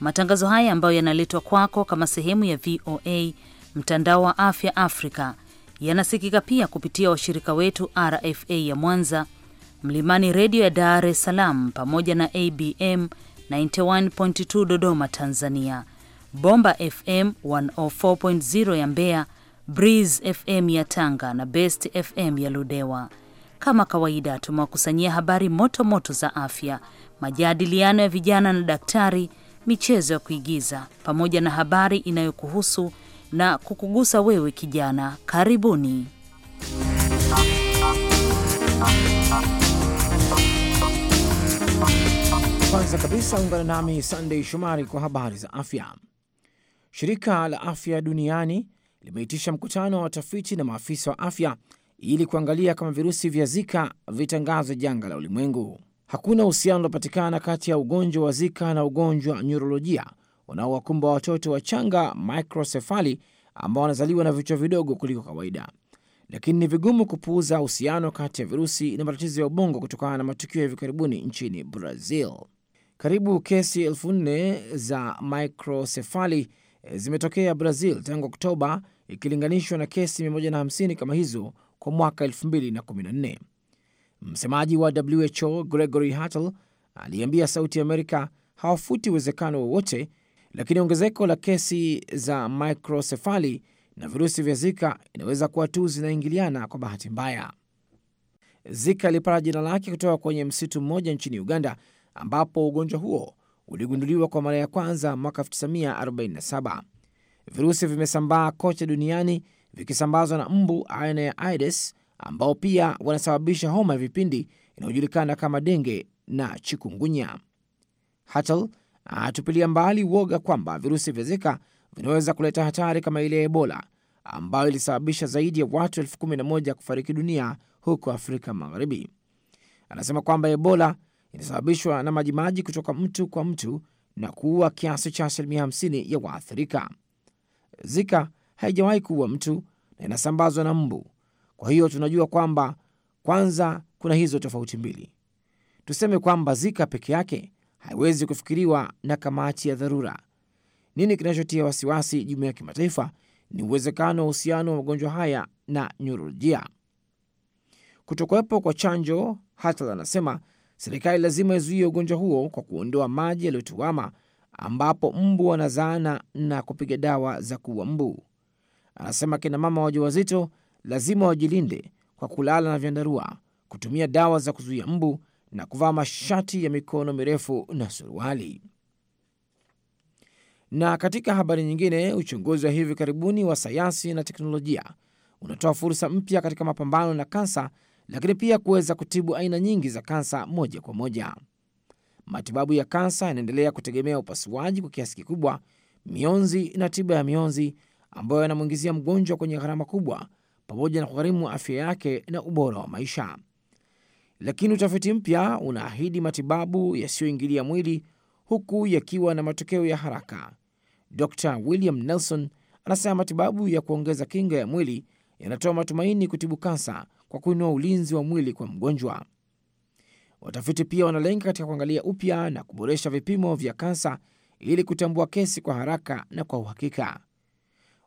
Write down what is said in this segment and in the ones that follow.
Matangazo haya ambayo yanaletwa kwako kama sehemu ya VOA mtandao wa afya Afrika yanasikika pia kupitia washirika wetu RFA ya Mwanza, Mlimani redio ya Dar es Salaam, pamoja na ABM 91.2 Dodoma Tanzania, Bomba FM 104.0 ya Mbeya, Breeze FM ya Tanga na Best FM ya Ludewa. Kama kawaida, tumewakusanyia habari moto moto za afya, majadiliano ya vijana na daktari michezo ya kuigiza pamoja na habari inayokuhusu na kukugusa wewe kijana. Karibuni. Kwanza kabisa ungana nami sandey Shomari kwa habari za afya. Shirika la Afya Duniani limeitisha mkutano wa watafiti na maafisa wa afya ili kuangalia kama virusi vya Zika vitangazwe janga la ulimwengu. Hakuna uhusiano unaopatikana kati ya ugonjwa wa Zika na ugonjwa wa nyurolojia unaowakumba watoto wachanga microsefali ambao wanazaliwa na vichwa vidogo kuliko kawaida, lakini ni vigumu kupuuza uhusiano kati ya virusi na matatizo ya ubongo kutokana na matukio ya hivi karibuni nchini Brazil. Karibu kesi 4 za microsefali eh, zimetokea Brazil tangu Oktoba, ikilinganishwa na kesi 150 kama hizo kwa mwaka 2014. Msemaji wa WHO Gregory Hartel aliambia Sauti Amerika hawafuti uwezekano wowote, lakini ongezeko la kesi za microcefali na virusi vya Zika inaweza kuwa tu zinaingiliana kwa bahati mbaya. Zika ilipata jina lake kutoka kwenye msitu mmoja nchini Uganda, ambapo ugonjwa huo uligunduliwa kwa mara ya kwanza mwaka 1947. Virusi vimesambaa kote duniani vikisambazwa na mbu aina ya Aedes ambao pia wanasababisha homa ya vipindi inayojulikana kama denge na chikungunya. Hatal anatupilia mbali uoga kwamba virusi vya Zika vinaweza kuleta hatari kama ile ya Ebola ambayo ilisababisha zaidi ya watu elfu kumi na moja kufariki dunia huko Afrika Magharibi. Anasema kwamba Ebola inasababishwa na majimaji kutoka mtu kwa mtu na kuua kiasi cha asilimia 50 ya waathirika. Zika haijawahi kuua mtu na inasambazwa na mbu, kwa hiyo tunajua kwamba kwanza kuna hizo tofauti mbili. Tuseme kwamba Zika peke yake haiwezi kufikiriwa na kamati ya dharura. Nini kinachotia wasiwasi jumuiya ya kimataifa ni uwezekano wa uhusiano wa magonjwa haya na nyurolojia. Kutokuwepo kwa chanjo, hata anasema serikali lazima izuie ugonjwa huo kwa kuondoa maji yaliyotuama ambapo mbu wanazaana na kupiga dawa za kuua mbu. Anasema kina mama wajawazito lazima wajilinde kwa kulala na vyandarua, kutumia dawa za kuzuia mbu na kuvaa mashati ya mikono mirefu na suruali. Na katika habari nyingine, uchunguzi wa hivi karibuni wa sayansi na teknolojia unatoa fursa mpya katika mapambano na kansa, lakini pia kuweza kutibu aina nyingi za kansa moja kwa moja. Matibabu ya kansa yanaendelea kutegemea upasuaji kwa kiasi kikubwa, mionzi na tiba ya mionzi ambayo yanamwingizia mgonjwa kwenye gharama kubwa pamoja na kugharimu afya yake na ubora wa maisha. Lakini utafiti mpya unaahidi matibabu yasiyoingilia mwili huku yakiwa na matokeo ya haraka. Dr William Nelson anasema matibabu ya kuongeza kinga ya mwili yanatoa matumaini kutibu kansa kwa kuinua ulinzi wa mwili kwa mgonjwa. Watafiti pia wanalenga katika kuangalia upya na kuboresha vipimo vya kansa ili kutambua kesi kwa haraka na kwa uhakika.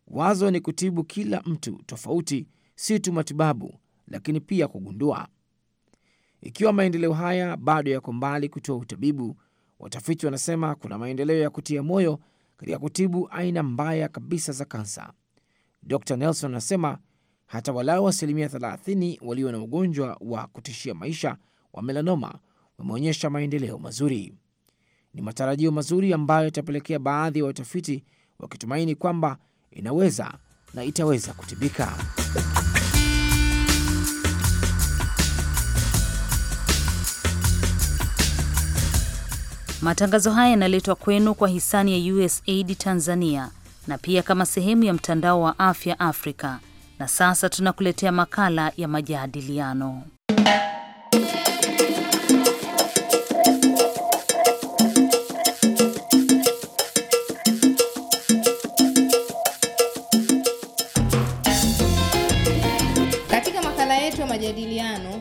Wazo ni kutibu kila mtu tofauti, si tu matibabu, lakini pia kugundua. Ikiwa maendeleo haya bado yako mbali kutoa utabibu, watafiti wanasema kuna maendeleo ya kutia moyo katika kutibu aina mbaya kabisa za kansa. Dr Nelson anasema hata walau asilimia 30 walio na ugonjwa wa kutishia maisha wa melanoma wameonyesha maendeleo mazuri. Ni matarajio mazuri ambayo yatapelekea baadhi ya watafiti wakitumaini kwamba inaweza na itaweza kutibika. Matangazo haya yanaletwa kwenu kwa hisani ya USAID Tanzania na pia kama sehemu ya mtandao wa afya Afrika. Na sasa tunakuletea makala ya majadiliano.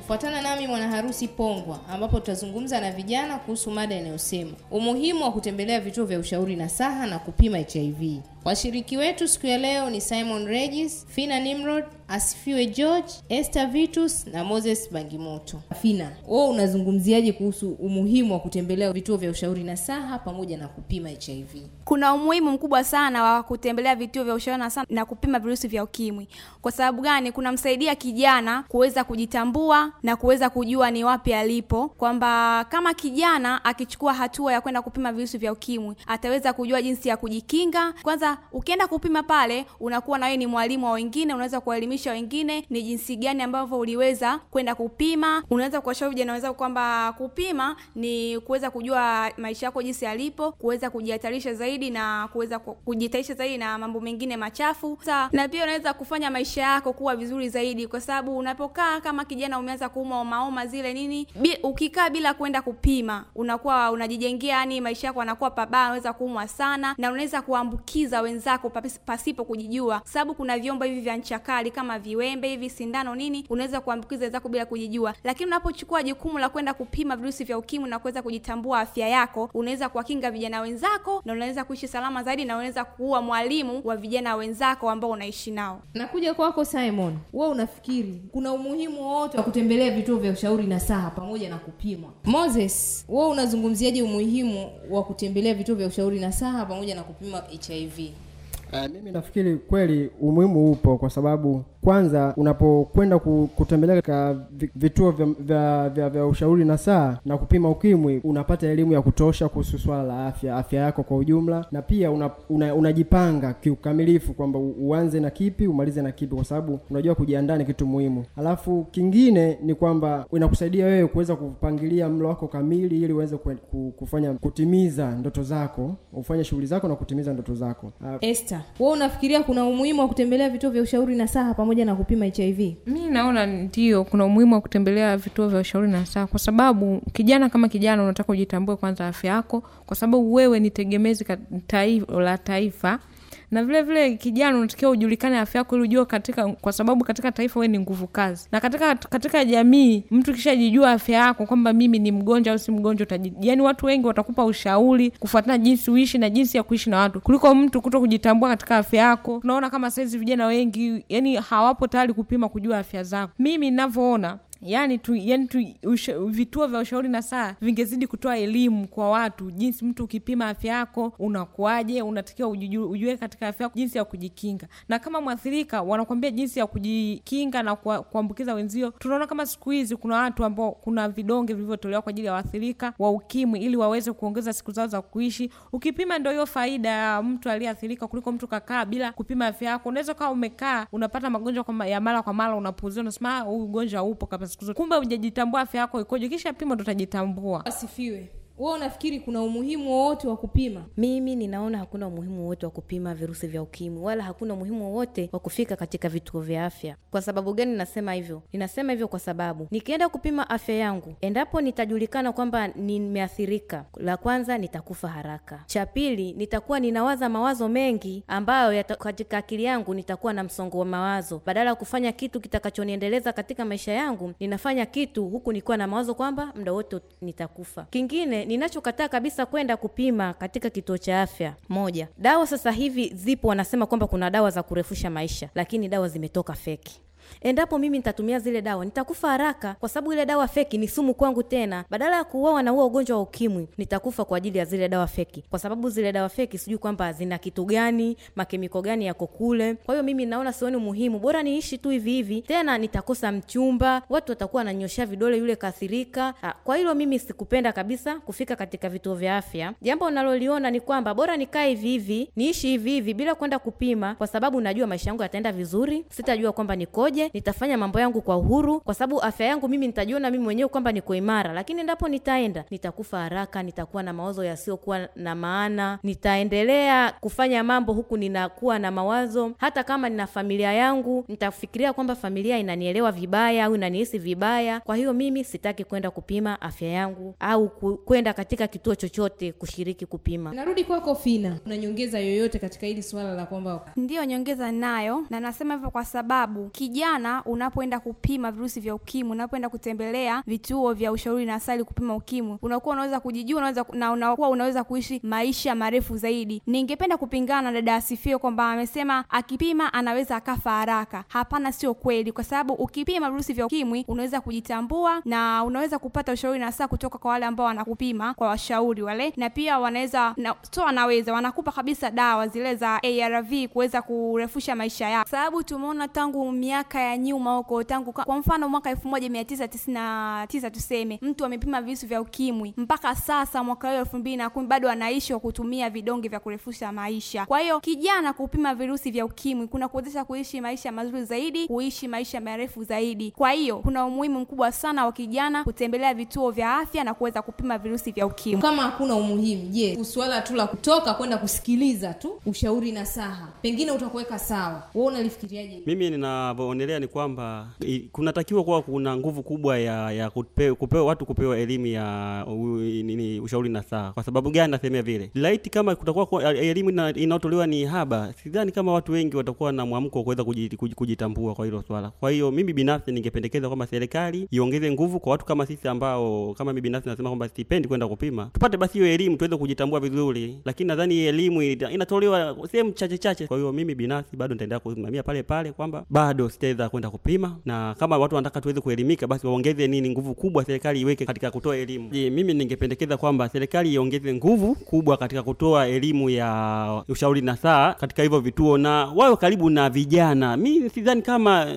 Fuatana nami Mwana Harusi Pongwa, ambapo tutazungumza na vijana kuhusu mada inayosema umuhimu wa kutembelea vituo vya ushauri na saha na kupima HIV. Washiriki wetu siku ya leo ni Simon Regis, Fina Nimrod, Asifiwe George, Esther Vitus na Moses Bangimoto. Fina, wewe unazungumziaje kuhusu umuhimu wa kutembelea vituo vya ushauri na saha pamoja na kupima HIV? Kuna umuhimu mkubwa sana wa kutembelea vituo vya ushauri saha na kupima virusi vya ukimwi. Kwa sababu gani? Kunamsaidia kijana kuweza kujitambua na kuweza kujua ni wapi alipo, kwamba kama kijana akichukua hatua ya kwenda kupima virusi vya ukimwi ataweza kujua jinsi ya kujikinga kwanza sasa ukienda kupima pale, unakuwa na wewe ni mwalimu wa wengine, unaweza kuwaelimisha wengine ni jinsi gani ambavyo uliweza kwenda kupima. Unaweza kuwashauri vijana wenzako kwamba kupima ni kuweza kujua maisha yako jinsi yalipo, kuweza kujihatarisha zaidi na kuweza kujitaisha zaidi na mambo mengine machafu. Sasa na pia unaweza kufanya maisha yako kuwa vizuri zaidi, kwa sababu unapokaa kama kijana umeanza kuuma maoma zile nini, bi, ukikaa bila kwenda kupima unakuwa unajijengea yani maisha yako yanakuwa pabaya, unaweza kuumwa sana na unaweza kuambukiza kuumiza wenzako pasipo kujijua, sababu kuna vyombo hivi vya ncha kali kama viwembe hivi, sindano nini, unaweza kuambukiza wenzako bila kujijua. Lakini unapochukua jukumu la kwenda kupima virusi vya ukimwi na kuweza kujitambua afya yako, unaweza kuwakinga vijana wenzako na unaweza kuishi salama zaidi, na unaweza kuua mwalimu wa vijana wenzako ambao unaishi nao. Nakuja kwako Simon, wewe unafikiri kuna umuhimu wote wa kutembelea vituo vya ushauri na saha pamoja na kupimwa? Moses, wewe unazungumziaje umuhimu wa kutembelea vituo vya ushauri na saha pamoja na kupima HIV? Uh, mimi nafikiri kweli umuhimu upo kwa sababu kwanza unapokwenda kutembelea katika vituo vya, vya, vya, vya ushauri na saa na kupima ukimwi unapata elimu ya kutosha kuhusu swala la afya afya yako kwa ujumla, na pia una, una, unajipanga kiukamilifu kwamba uanze na kipi umalize na kipi, kwa sababu unajua kujiandaa ni kitu muhimu. Alafu kingine ni kwamba inakusaidia wewe kuweza kupangilia mlo wako kamili ili uweze kufanya kutimiza ndoto zako, ufanye shughuli zako na kutimiza ndoto zako. Ah, Esther, wewe unafikiria kuna umuhimu wa kutembelea vituo vya ushauri na saa pamoja pamoja na kupima hiv mi naona ndio kuna umuhimu wa kutembelea vituo vya ushauri na saa kwa sababu kijana kama kijana unataka ujitambue kwanza afya yako kwa sababu wewe ni tegemezi la taifa na vile vile kijana unatakiwa ujulikane afya yako ili ujue katika, kwa sababu katika taifa wewe ni nguvu kazi, na katika katika jamii mtu kishajijua afya yako kwamba mimi ni mgonjwa au si mgonjwa utaji, yani watu wengi watakupa ushauri kufuatana jinsi uishi na jinsi ya kuishi na watu kuliko mtu kuto kujitambua katika afya yako. Tunaona kama saizi vijana wengi yani hawapo tayari kupima kujua afya zako. Mimi ninavyoona yani, tu, yani tu, usha, vituo vya ushauri na saa vingezidi kutoa elimu kwa watu, jinsi mtu ukipima afya yako unakuaje, unatakiwa ujue katika afya yako jinsi ya kujikinga, na kama mwathirika wanakuambia jinsi ya kujikinga na kuambukiza wenzio. Tunaona kama siku hizi kuna watu ambao kuna vidonge vilivyotolewa kwa ajili ya waathirika wa ukimwi ili waweze kuongeza siku zao za kuishi. Ukipima ndio hiyo faida ya mtu aliyeathirika kuliko mtu kakaa bila kupima afya yako. Unaweza ukawa umekaa unapata magonjwa ya mara kwa mara, unapuuzia, unasema ah, ugonjwa upo kabisa unasikiza, kumbe hujajitambua afya yako ikoje. Kisha pima ndo utajitambua. Asifiwe wewe unafikiri kuna umuhimu wowote wa kupima? Mimi ninaona hakuna umuhimu wowote wa kupima virusi vya ukimwi wala hakuna umuhimu wowote wa kufika katika vituo vya afya. Kwa sababu gani ninasema hivyo? Ninasema hivyo kwa sababu nikienda kupima afya yangu, endapo nitajulikana kwamba nimeathirika, la kwanza nitakufa haraka, cha pili nitakuwa ninawaza mawazo mengi ambayo yata, katika akili yangu nitakuwa na msongo wa mawazo. Badala ya kufanya kitu kitakachoniendeleza katika maisha yangu, ninafanya kitu huku nikiwa na mawazo kwamba muda wote nitakufa. Kingine ninachokataa kabisa kwenda kupima katika kituo cha afya moja, dawa sasa hivi zipo, wanasema kwamba kuna dawa za kurefusha maisha, lakini dawa zimetoka feki endapo mimi nitatumia zile dawa nitakufa haraka, kwa sababu ile dawa feki ni sumu kwangu. Tena badala ya kuuawa na huo ugonjwa wa ukimwi, nitakufa kwa ajili ya zile dawa feki, kwa sababu zile dawa feki sijui kwamba zina kitu gani, makemiko gani yako kule. Kwa hiyo mimi naona sioni umuhimu, bora niishi tu hivi hivi. Tena nitakosa mchumba, watu watakuwa wananyoshea vidole yule kathirika. Ah, kwa hilo mimi sikupenda kabisa kufika katika vituo vya afya. Jambo naloliona ni kwamba bora nikae hivi hivi, niishi hivi hivi bila kwenda kupima, kwa sababu najua maisha yangu yataenda vizuri, sitajua kwamba nikoje nitafanyaje, nitafanya mambo yangu kwa uhuru, kwa sababu afya yangu mimi nitajiona mimi mwenyewe kwamba niko imara, lakini endapo nitaenda nitakufa haraka, nitakuwa na mawazo yasiyokuwa na maana, nitaendelea kufanya mambo huku ninakuwa na mawazo. Hata kama nina familia yangu, nitafikiria kwamba familia inanielewa vibaya au inanihisi vibaya. Kwa hiyo mimi sitaki kwenda kupima afya yangu au kwenda katika kituo chochote kushiriki kupima. Narudi kwako Fina, una nyongeza yoyote katika hili swala la kwamba? Ndiyo, nyongeza nayo na nasema hivyo kwa sababu kijana vijana, unapoenda kupima virusi vya ukimwi, unapoenda kutembelea vituo vya ushauri na asali kupima ukimwi, unakuwa unaweza kujijua, unaweza na unakuwa unaweza kuishi maisha marefu zaidi. Ningependa kupingana na dada Asifio kwamba amesema akipima anaweza akafa haraka. Hapana, sio kweli, kwa sababu ukipima virusi vya ukimwi unaweza kujitambua na unaweza kupata ushauri na saa kutoka kwa wale ambao wanakupima, kwa washauri wale, na pia wanaweza na, so wanaweza wanakupa kabisa dawa zile za ARV kuweza kurefusha maisha yako, sababu tumeona tangu miaka miaka ya nyuma huko tangu kwa, mfano mwaka 1999 tuseme mtu amepima virusi vya ukimwi mpaka sasa mwaka huo 2010 bado anaishi kwa kutumia vidonge vya kurefusha maisha. Kwa hiyo kijana kupima virusi vya ukimwi kuna kuwezesha kuishi maisha mazuri zaidi, kuishi maisha marefu zaidi. Kwa hiyo kuna umuhimu mkubwa sana wa kijana kutembelea vituo vya afya na kuweza kupima virusi vya ukimwi. Kama hakuna umuhimu, je, suala tu la kutoka kwenda kusikiliza tu ushauri na saha pengine utakuweka sawa? Wewe unalifikiriaje? Mimi ninavyo kuonelea ni kwamba kunatakiwa kuwa kuna nguvu kubwa ya ya kupewa, kupewa watu kupewa elimu ya u, nini, ushauri na saa. Kwa sababu gani nasemea vile? Laiti kama kutakuwa elimu inayotolewa ni haba, sidhani kama watu wengi watakuwa na mwamko wa kuweza kujitambua kwa hilo swala. Kwa hiyo mimi binafsi ningependekeza kwamba serikali iongeze nguvu kwa watu kama sisi ambao, kama mimi binafsi nasema kwamba sipendi kwenda kupima, tupate basi hiyo elimu tuweze kujitambua vizuri, lakini nadhani elimu inatolewa sehemu chache chache. Kwa hiyo mimi binafsi bado nitaendelea kusimamia pale pale kwamba bado sita fedha kwenda kupima, na kama watu wanataka tuweze kuelimika, basi waongeze nini, nguvu kubwa serikali iweke katika kutoa elimu. Je, mimi ningependekeza kwamba serikali iongeze nguvu kubwa katika kutoa elimu ya ushauri na saa katika hivyo vituo, na wawe karibu na vijana. Mi sidhani kama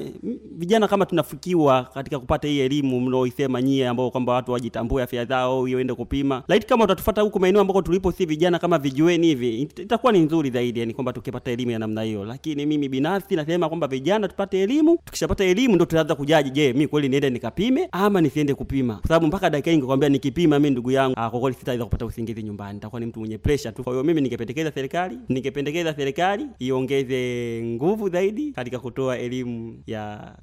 vijana kama tunafikiwa katika kupata hii elimu mnaoisema nyie, ambao kwamba watu wajitambue afya zao, hiyo ende kupima. lakini kama utatufuata huko maeneo ambako tulipo si vijana kama vijueni hivi, itakuwa ni nzuri zaidi, yani kwamba tukipata elimu ya namna hiyo. Lakini mimi binafsi nasema kwamba vijana tupate elimu, tukishapata elimu ndio tunaanza kujaji, je, mimi kweli niende nikapime ama nisiende kupima? Kwa sababu mpaka dakika ningekwambia nikipima mimi, ndugu yangu, ah, kwa kweli sitaweza kupata usingizi nyumbani, nitakuwa ni mtu mwenye pressure tu. Kwa hiyo mimi ningependekeza serikali, ningependekeza serikali iongeze nguvu zaidi katika kutoa elimu ya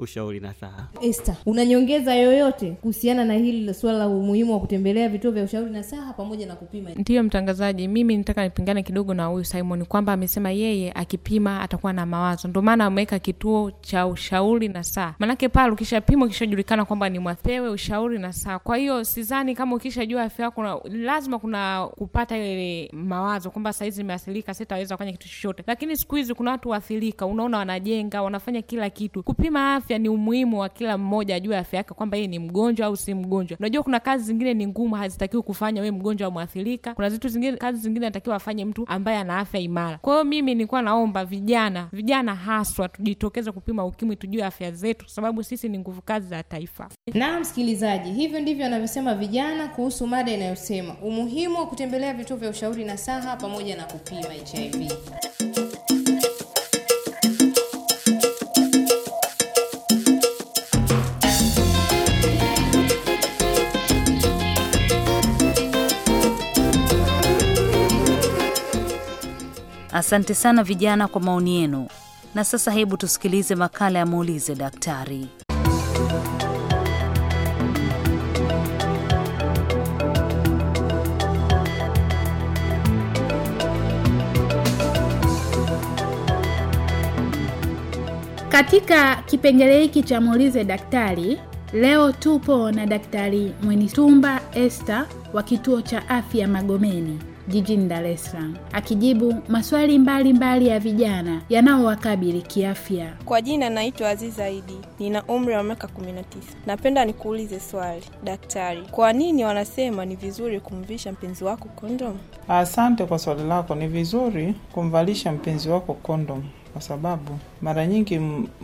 na saha Esther, unanyongeza yoyote kuhusiana na hili suala la umuhimu wa kutembelea vituo vya ushauri na saha pamoja na kupima? Ndiyo mtangazaji, mimi nitaka nipingane kidogo na huyu Simon kwamba amesema yeye akipima atakuwa na mawazo, ndio maana ameweka kituo cha ushauri na saha Maanake pale ukishapima ukishajulikana kwamba ni mwathewe ushauri saha Kwa hiyo sidhani kama ukishajua afya yako lazima kuna kupata ile mawazo kwamba saizi imeathirika, sitaweza kufanya kitu chochote. Lakini siku hizi kuna watu waathirika, unaona wanajenga, wanafanya kila kitu kupima afya ni umuhimu wa kila mmoja ajue afya yake kwamba yeye ni mgonjwa au si mgonjwa. Unajua kuna kazi zingine ni ngumu, hazitakiwi kufanya wewe mgonjwa au mwathirika. Kuna zitu zingine, kazi zingine anatakiwa afanye mtu ambaye ana afya imara. Kwa hiyo mimi nilikuwa naomba vijana, vijana haswa tujitokeze kupima ukimwi, tujue afya zetu, kwa sababu sisi ni nguvu kazi za taifa. Naam msikilizaji, hivyo ndivyo anavyosema vijana kuhusu mada inayosema umuhimu wa kutembelea vituo vya ushauri na saha pamoja na kupima HIV. Asante sana vijana kwa maoni yenu. Na sasa hebu tusikilize makala ya muulize daktari. Katika kipengele hiki cha muulize daktari leo tupo na Daktari Mwenitumba Esther wa kituo cha afya Magomeni jijini Dar es Salaam akijibu maswali mbalimbali mbali ya vijana yanaowakabili kiafya. Kwa jina naitwa Aziz Zaidi, nina umri wa miaka 19. Napenda nikuulize swali daktari, kwa nini wanasema ni vizuri kumvisha mpenzi wako kondom? Asante kwa swali lako. Ni vizuri kumvalisha mpenzi wako kondom kwa sababu mara nyingi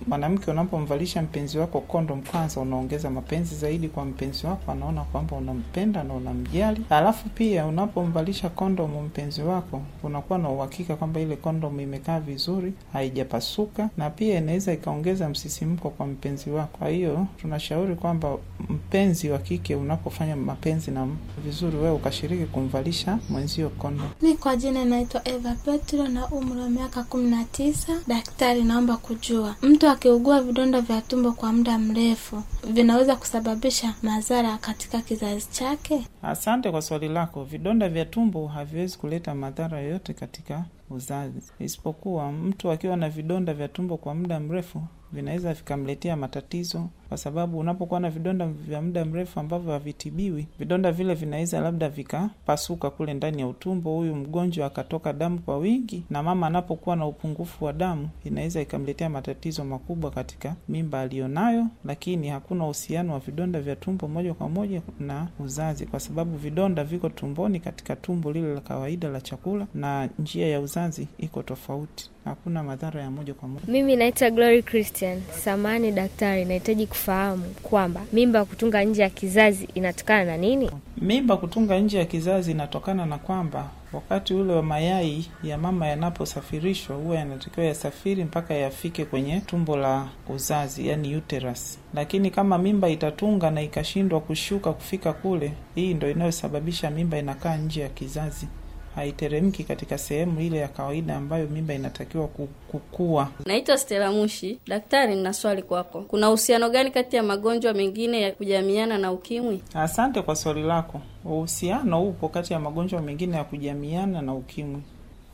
mwanamke, unapomvalisha mpenzi wako kondom, kwanza unaongeza mapenzi zaidi kwa mpenzi wako, anaona kwamba unampenda na unamjali. Alafu pia unapomvalisha kondomu mpenzi wako, unakuwa na uhakika kwamba ile kondomu imekaa vizuri, haijapasuka, na pia inaweza ikaongeza msisimko kwa mpenzi wako. Kwa hiyo tunashauri kwamba mpenzi wa kike, unapofanya mapenzi na vizuri, wewe ukashiriki kumvalisha mwenzio kondomu. Ni kwa jina naitwa Eva Petro na umri wa miaka kumi na tisa. Daktari na kwamba kujua mtu akiugua vidonda vya tumbo kwa muda mrefu vinaweza kusababisha madhara katika kizazi chake? Asante kwa swali lako. Vidonda vya tumbo haviwezi kuleta madhara yoyote katika uzazi, isipokuwa mtu akiwa na vidonda vya tumbo kwa muda mrefu vinaweza vikamletea matatizo kwa sababu unapokuwa na vidonda vya muda mrefu ambavyo havitibiwi, vidonda vile vinaweza labda vikapasuka kule ndani ya utumbo, huyu mgonjwa akatoka damu kwa wingi, na mama anapokuwa na upungufu wa damu inaweza ikamletea matatizo makubwa katika mimba aliyonayo, lakini hakuna uhusiano wa vidonda vya tumbo moja kwa moja na uzazi, kwa sababu vidonda viko tumboni katika tumbo lile la kawaida la chakula, na njia ya uzazi iko tofauti. Hakuna madhara ya moja kwa moja. Mimi naitwa Glory Christian. Samani daktari, nahitaji kufahamu kwamba mimba kutunga nje ya kizazi inatokana na nini? Mimba kutunga nje ya kizazi inatokana na kwamba wakati ule wa mayai ya mama yanaposafirishwa huwa yanatakiwa yasafiri mpaka yafike kwenye tumbo la uzazi, yani uterus. Lakini kama mimba itatunga na ikashindwa kushuka kufika kule, hii ndo inayosababisha mimba inakaa nje ya kizazi haiteremki katika sehemu ile ya kawaida ambayo mimba inatakiwa kukua. Naitwa Stella Mushi. Daktari, nina swali kwako. Kuna uhusiano gani kati ya magonjwa mengine ya kujamiana na ukimwi? Asante kwa swali lako. Uhusiano upo kati ya magonjwa mengine ya kujamiana na ukimwi.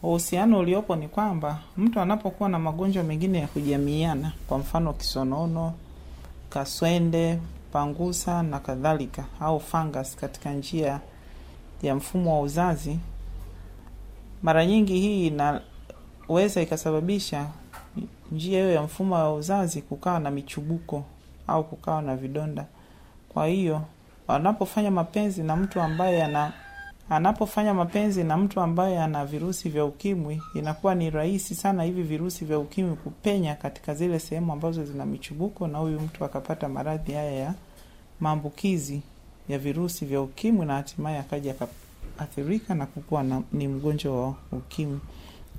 Uhusiano uliopo ni kwamba mtu anapokuwa na magonjwa mengine ya kujamiana, kwa mfano kisonono, kaswende, pangusa na kadhalika, au fangas katika njia ya mfumo wa uzazi, mara nyingi hii inaweza ikasababisha njia hiyo ya mfumo wa uzazi kukawa na michubuko au kukawa na vidonda. Kwa hiyo wanapofanya mapenzi na mtu ambaye ana anapofanya mapenzi na mtu ambaye ana virusi vya ukimwi, inakuwa ni rahisi sana hivi virusi vya ukimwi kupenya katika zile sehemu ambazo zina michubuko, na huyu mtu akapata maradhi haya ya maambukizi ya virusi vya ukimwi na hatimaye akaja kuathirika na kukuwa na, ni mgonjwa wa ukimwi.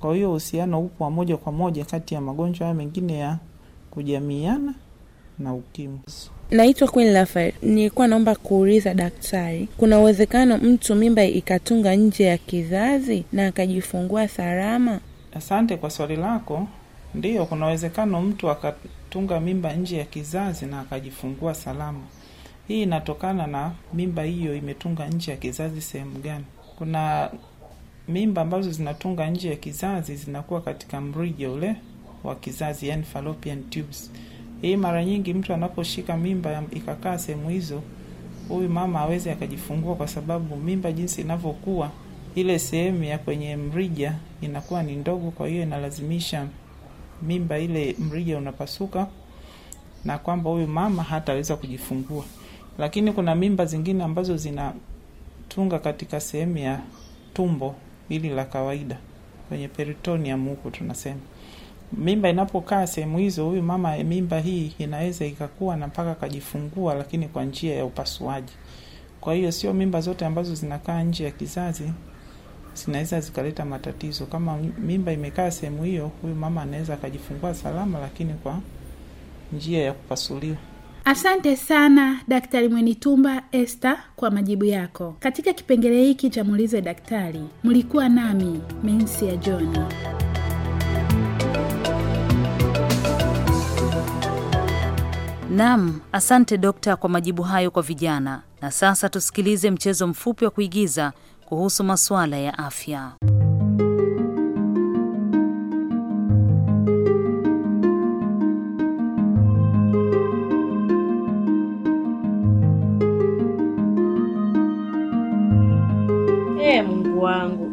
Kwa hiyo uhusiano upo wa moja kwa moja kati ya magonjwa haya mengine ya kujamiana na ukimwi. Naitwa Queen Lafayette. Nilikuwa naomba kuuliza daktari, kuna uwezekano mtu mimba ikatunga nje ya kizazi na akajifungua salama? Asante kwa swali lako. Ndiyo, kuna uwezekano mtu akatunga mimba nje ya kizazi na akajifungua salama. Hii inatokana na mimba hiyo imetunga nje ya kizazi sehemu gani. Kuna mimba ambazo zinatunga nje ya kizazi zinakuwa katika mrija ule wa kizazi, yani fallopian tubes. Hii mara nyingi mtu anaposhika mimba ikakaa sehemu hizo, huyu mama hawezi akajifungua, kwa sababu mimba jinsi inavyokuwa, ile sehemu ya kwenye mrija inakuwa ni ndogo, kwa hiyo inalazimisha mimba ile, mrija unapasuka na kwamba huyu mama hataweza kujifungua. Lakini kuna mimba zingine ambazo zinatunga katika sehemu ya tumbo hili la kawaida, kwenye peritonium huku tunasema. Mimba inapokaa sehemu hizo, huyu mama, mimba hii inaweza ikakuwa na mpaka akajifungua, lakini kwa njia ya upasuaji. Kwa hiyo sio mimba zote ambazo zinakaa nje ya kizazi zinaweza zikaleta matatizo. Kama mimba imekaa sehemu hiyo, huyu mama anaweza akajifungua salama, lakini kwa njia ya kupasuliwa. Asante sana Daktari Mwenitumba este kwa majibu yako. Katika kipengele hiki cha muulize daktari, mlikuwa nami Mensi ya Johni. nam asante dokta kwa majibu hayo kwa vijana. Na sasa tusikilize mchezo mfupi wa kuigiza kuhusu masuala ya afya.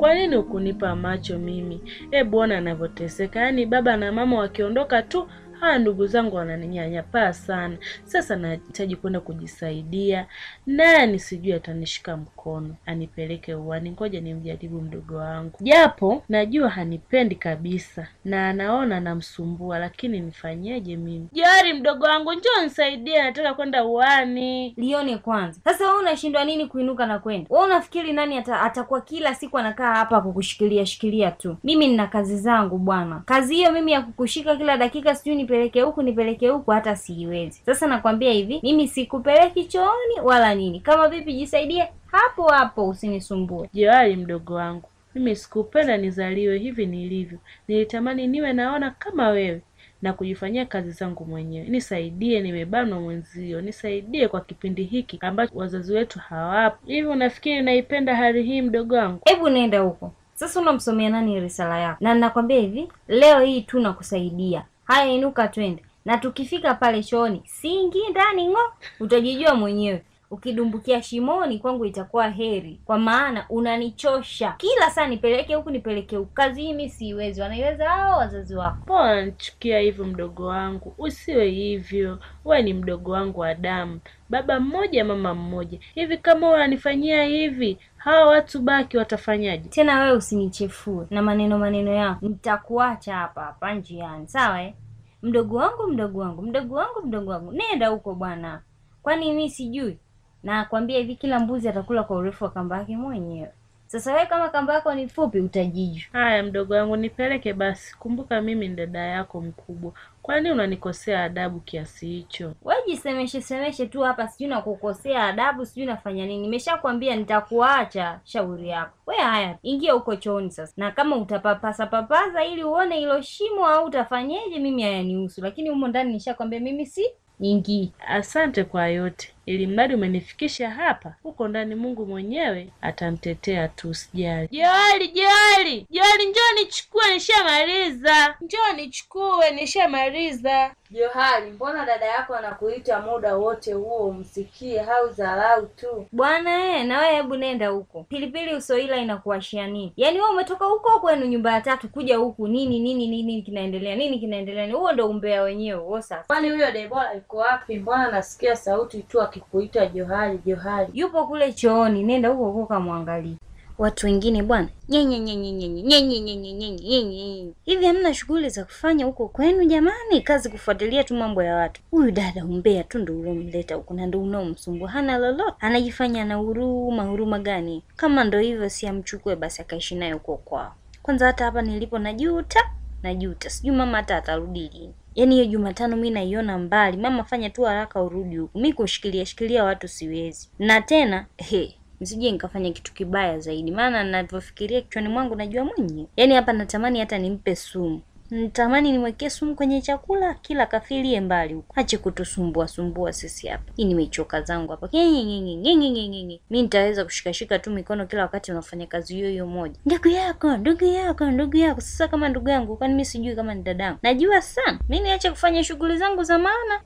kwa nini ukunipa macho mimi? E Bwana anavyoteseka, yaani baba na mama wakiondoka tu haya ndugu zangu wananinyanyapaa sana, sasa nahitaji kwenda kujisaidia. Nani sijui atanishika mkono anipeleke uwani? Ngoja nimjaribu mdogo wangu, japo najua hanipendi kabisa na anaona namsumbua, lakini nifanyeje mimi? jari mdogo wangu, njo nisaidie, nataka kwenda uwani. Lione kwanza. Sasa we unashindwa nini kuinuka na kwenda? we unafikiri nani ata, atakuwa kila siku anakaa hapa kukushikilia shikilia tu? Mimi nina kazi zangu bwana, kazi hiyo mimi ya kukushika kila dakika sijui nipeleke huku nipeleke huku, hata siiwezi. Sasa nakwambia hivi, mimi sikupeleki chooni wala nini. Kama vipi, jisaidie hapo hapo, usinisumbue. Jewali mdogo wangu, mimi sikupenda nizaliwe hivi nilivyo. Nilitamani niwe naona kama wewe na kujifanyia kazi zangu mwenyewe. Nisaidie, nimebanwa mwenzio, nisaidie kwa kipindi hiki ambacho wazazi wetu hawapo. Hivi unafikiri naipenda hali hii, mdogo wangu? Hebu nenda huko sasa, unamsomea nani risala yako? Na nakwambia hivi, leo hii tu nakusaidia Haya, inuka twende. Na tukifika pale chooni, siingii ndani ng'o, utajijua mwenyewe ukidumbukia shimoni kwangu itakuwa heri, kwa maana unanichosha kila saa, nipeleke huku nipeleke huku, kazi hii mi siiwezi. Wanaiweza hao wazazi wako. Poa, wananichukia hivyo, mdogo wangu, usiwe hivyo, we ni mdogo wangu wa damu, baba mmoja mama mmoja. Hivi kama unanifanyia hivi hawa watu baki watafanyaje tena? Wewe usinichefue na maneno maneno yako, nitakuacha hapa hapa njiani, sawa eh? Mdogo wangu mdogo wangu mdogo wangu mdogo wangu, nenda huko bwana, kwani mi sijui? na akwambia hivi, kila mbuzi atakula kwa urefu wa kamba yake mwenyewe. Sasa wewe kama kamba yako ni fupi utajiju. Haya mdogo wangu, nipeleke basi. Kumbuka mimi ni dada yako mkubwa, kwani unanikosea adabu kiasi hicho? Wewe jisemeshe semeshe tu hapa, sijui nakukosea adabu, sijui nafanya nini. Nimeshakwambia nitakuacha, shauri yako we Haya, ingia huko chooni sasa, na kama utapapasa papaza ili uone hilo shimo au utafanyeje, mimi hayanihusu, lakini humo ndani nishakwambia mimi si ingii. Asante kwa yote ili mradi umenifikisha hapa, huko ndani Mungu mwenyewe atamtetea tu, sijali. Joeli, Joeli, Joeli, njoo nichukue, nishamaliza. Njoo nichukue, nishamaliza. Johari, mbona dada yako anakuita muda wote huo umsikie, hau dharau tu bwana eh. Na wewe hebu nenda huko, pilipili usoila inakuashia nini? Yaani wewe umetoka huko kwenu nyumba ya tatu kuja huku nini nini nini kinaendelea nini kinaendelea? Huo ndo umbea wenyewe huo. Sasa kwani huyo Debora yuko wapi? Mbona nasikia sauti tu akikuita Johari, Johari yupo kule chooni, nenda huko huko kamwangalie. Watu wengine bwana, nyenye nyenye nyenye nyenye nyenye nyenye nyenye. Hivi hamna shughuli za kufanya huko kwenu jamani? Kazi kufuatilia tu mambo ya watu. Huyu dada umbea tu ndio uliomleta huko na ndio unaomsumbua, hana lolote, anajifanya na huruma. Huruma gani? Kama ndio hivyo, si amchukue basi akaishi naye huko kwao. Kwanza hata hapa nilipo najuta, najuta, sijui mama hata atarudi lini. Yaani hiyo Jumatano mi naiona mbali. Mama, fanya tu haraka urudi huku, mi kushikilia shikilia watu siwezi. Na tena he, msije nikafanya kitu kibaya zaidi, maana ninavyofikiria kichwani mwangu najua mwenyewe. Yaani hapa natamani hata nimpe sumu Ntamani nimwekee sumu kwenye chakula kila kafilie mbali huko, ache kutusumbua sumbua sisi hapa. Hii nimechoka zangu hapa, mi nitaweza kushikashika tu mikono kila wakati unafanya kazi hiyo hiyo moja. Ndugu yako ndugu yako ndugu yako. Sasa kama ndugu yangu, kwani mi sijui kama ni dadangu? Najua sana mi, niache kufanya shughuli zangu za maana.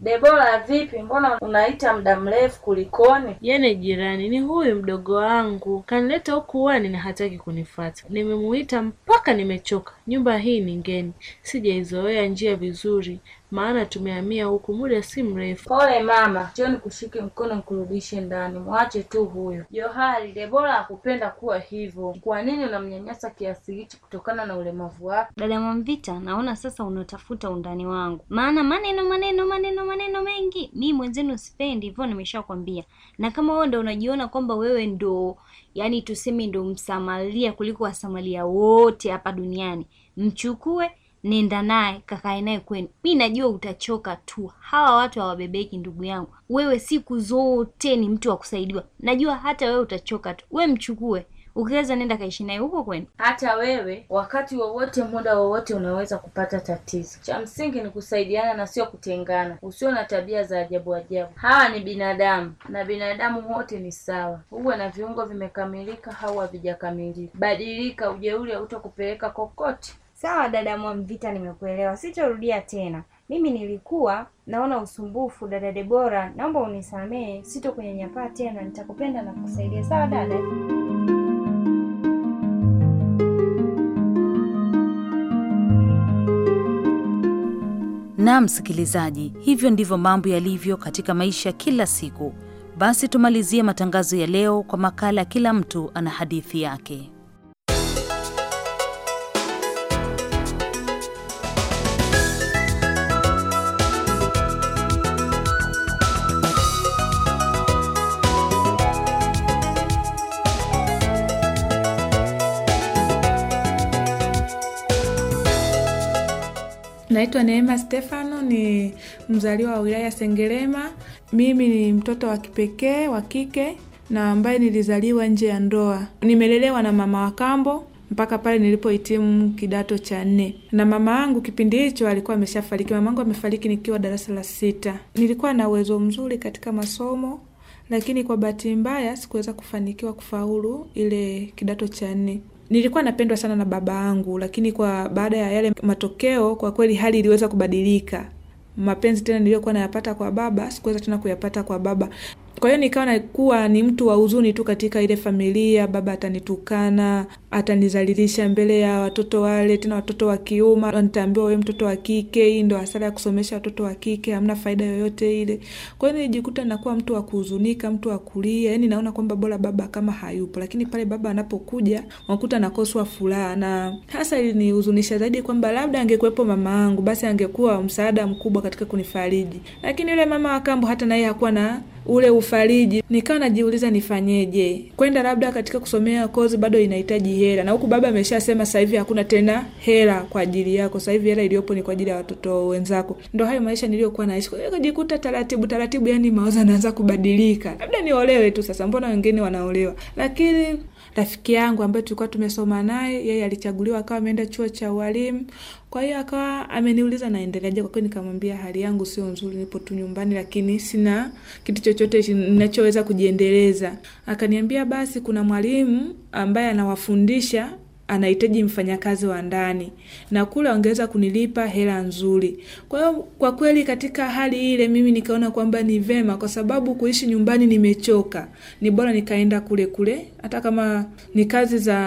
Debora, vipi? Mbona unaita muda mrefu, kulikoni? Yene yaani jirani ni huyu mdogo wangu, kanileta huku wani na hataki kunifuata, nimemuita mpaka nime nimechoka. Nyumba hii ni ngeni, sijaizoea njia vizuri maana tumehamia huku muda si mrefu. Pole mama, njoo kushike mkono nikurudishe ndani, mwache tu huyo Johari. Debora hakupenda kuwa hivyo. Kwa nini unamnyanyasa kiasi hichi kutokana na ulemavu wake? Dada Mwamvita, naona sasa unatafuta undani wangu, maana maneno maneno maneno maneno mengi. Mi mwenzenu sipendi hivyo, nimeshakwambia. Na kama wewe ndo unajiona kwamba wewe ndo yani tuseme ndo msamalia kuliko wasamalia wote hapa duniani, mchukue nenda naye kakae naye kwenu. Mi najua utachoka tu, hawa watu hawabebeki. Ndugu yangu, wewe siku zote ni mtu wa kusaidiwa. Najua hata wewe utachoka tu, we mchukue ukiweza nenda kaishi naye huko kwenu. Hata wewe wakati wowote, muda wowote, unaweza kupata tatizo. Cha msingi ni kusaidiana na sio kutengana. Usio na tabia za ajabu ajabu. Hawa ni binadamu na binadamu wote ni sawa, huwe na viungo vimekamilika au havijakamilika. Badilika, ujeuri hautakupeleka kokote. Sawa dada Mwamvita, nimekuelewa, sitorudia tena. Mimi nilikuwa naona usumbufu. Dada Debora, naomba unisamehe, nyapaa tena, nitakupenda na kukusaidia. Sawa dada. Na msikilizaji, hivyo ndivyo mambo yalivyo katika maisha kila siku. Basi tumalizie matangazo ya leo kwa makala, kila mtu ana hadithi yake. Naitwa Neema Stefano, ni mzaliwa wa wilaya ya Sengerema. Mimi ni mtoto wa kipekee wa kike na ambaye nilizaliwa nje ya ndoa. Nimelelewa na mama wa kambo mpaka pale nilipohitimu kidato cha nne, na mama yangu kipindi hicho alikuwa ameshafariki. Mama yangu amefariki nikiwa darasa la sita. Nilikuwa na uwezo mzuri katika masomo, lakini kwa bahati mbaya sikuweza kufanikiwa kufaulu ile kidato cha nne. Nilikuwa napendwa sana na baba yangu, lakini kwa baada ya yale matokeo, kwa kweli hali iliweza kubadilika. Mapenzi tena niliyokuwa nayapata kwa baba sikuweza tena kuyapata kwa baba. Kwa hiyo nikawa nakuwa ni mtu wa huzuni tu katika ile familia, baba atanitukana, atanizalilisha mbele ya watoto wale, tena watoto wa kiuma nitaambiwa we mtoto wa kike, hii ndo hasara ya kusomesha watoto wa kike, hamna faida yoyote ile. Kwa hiyo nilijikuta nakuwa mtu wa kuhuzunika, mtu wa kulia, yani naona kwamba bora baba kama hayupo, lakini pale baba anapokuja unakuta nakoswa furaha, na hasa ilinihuzunisha zaidi kwamba labda angekuwepo mama angu basi angekuwa msaada mkubwa katika kunifariji, lakini yule mama wa kambo hata naye hakuwa na ule ufariji. Nikawa najiuliza nifanyeje, kwenda labda katika kusomea kozi bado inahitaji hela, na huku baba ameshasema sasa hivi hakuna tena hela kwa ajili yako, sasa hivi hela iliyopo ni kwa ajili ya watoto wenzako. Ndo hayo maisha niliyokuwa naishi. Kwa hiyo nikajikuta taratibu taratibu, yani mawazo yanaanza kubadilika, labda niolewe tu sasa, mbona wengine wanaolewa. Lakini rafiki yangu ambaye tulikuwa tumesoma naye, yeye alichaguliwa akawa ameenda chuo cha ualimu kwa hiyo akawa ameniuliza naendeleaje, kwa kweli nikamwambia hali yangu sio nzuri, nipo tu nyumbani, lakini sina kitu chochote ninachoweza kujiendeleza. Akaniambia basi kuna mwalimu ambaye anawafundisha anahitaji mfanyakazi wa ndani, na kule wangeweza kunilipa hela nzuri. Kwa hiyo kwa kweli, katika hali ile mimi nikaona kwamba ni vema, kwa sababu kuishi nyumbani nimechoka, ni bora nikaenda kule kule, hata kama ni kazi za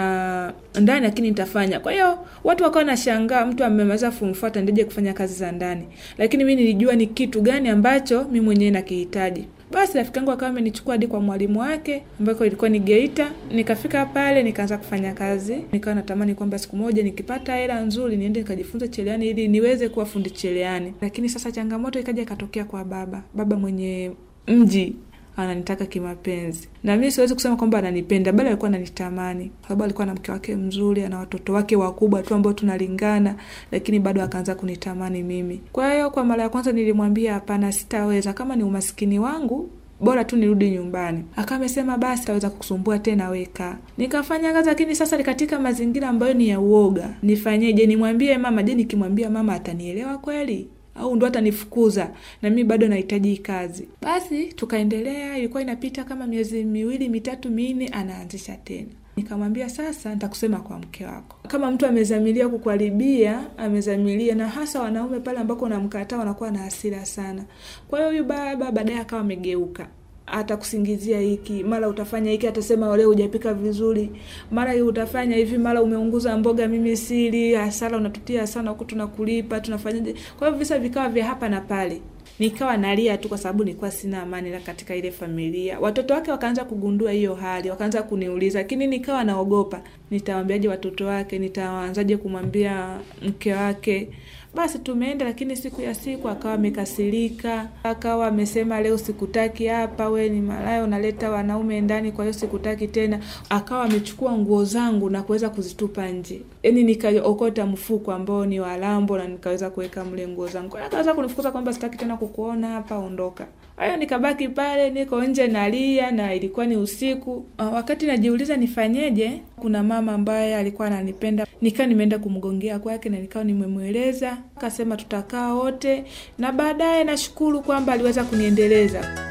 ndani, lakini nitafanya. Kwa hiyo watu wakawa nashangaa, mtu amemaliza fumfuata ndeje kufanya kazi za ndani? Lakini mi nilijua ni kitu gani ambacho mi mwenyewe nakihitaji. Basi rafiki yangu akawa amenichukua hadi kwa mwalimu wake ambako ilikuwa ni Geita. Nikafika pale nikaanza kufanya kazi, nikawa natamani kwamba siku moja nikipata hela nzuri niende nikajifunza cheleani ili niweze kuwa fundi cheleani. Lakini sasa changamoto ikaja ikatokea kwa baba, baba mwenye mji ananitaka kimapenzi, na mimi siwezi kusema kwamba ananipenda, bali alikuwa ananitamani, kwa sababu alikuwa na mke wake mzuri, ana watoto wake wakubwa tu ambao tunalingana, lakini bado akaanza kunitamani mimi. Kwa hiyo kwa mara ya kwanza nilimwambia hapana, sitaweza, kama ni umaskini wangu bora tu nirudi nyumbani. Akawa amesema basi taweza kukusumbua tena, weka. Nikafanya kazi, lakini sasa katika mazingira ambayo ni ya uoga. Nifanyeje? Nimwambie mama? Je, nikimwambia mama atanielewa kweli? au ndo atanifukuza na mimi bado nahitaji kazi. Basi tukaendelea, ilikuwa inapita kama miezi miwili mitatu minne, anaanzisha tena. Nikamwambia sasa, nitakusema kwa mke wako. Kama mtu amezamilia kukuharibia, amezamilia, na hasa wanaume pale ambako unamkataa wanakuwa na hasira sana. Kwa hiyo huyu baba baadaye akawa amegeuka atakusingizia hiki, mara utafanya hiki, atasema leo hujapika vizuri, mara hii utafanya hivi, mara umeunguza mboga, mimi sili, hasara unatutia sana huku, tunakulipa tunafanyaje? Kwa hiyo visa vikawa vya hapa na pale, nikawa nalia tu, kwa sababu nilikuwa sina amani na katika ile familia. Watoto wake wakaanza kugundua hiyo hali, wakaanza kuniuliza, lakini nikawa naogopa, nitawaambiaje watoto wake? Nitaanzaje kumwambia mke wake? Basi tumeenda, lakini siku ya siku akawa amekasirika, akawa amesema leo sikutaki hapa, we ni malaya, unaleta wanaume ndani, kwa hiyo sikutaki tena. Akawa amechukua nguo zangu na kuweza kuzitupa nje, yani nikaokota mfuko ambao ni walambo na nikaweza kuweka mle nguo zangu, akaweza kunifukuza kwamba sitaki tena kukuona hapa, ondoka. Hayo nikabaki pale niko nje nalia, na ilikuwa ni usiku. Ah, wakati najiuliza nifanyeje, kuna mama ambaye alikuwa ananipenda, nikawa nimeenda kumgongea kwake na nikawa nimemweleza, akasema tutakaa wote, na baadaye nashukuru kwamba aliweza kuniendeleza.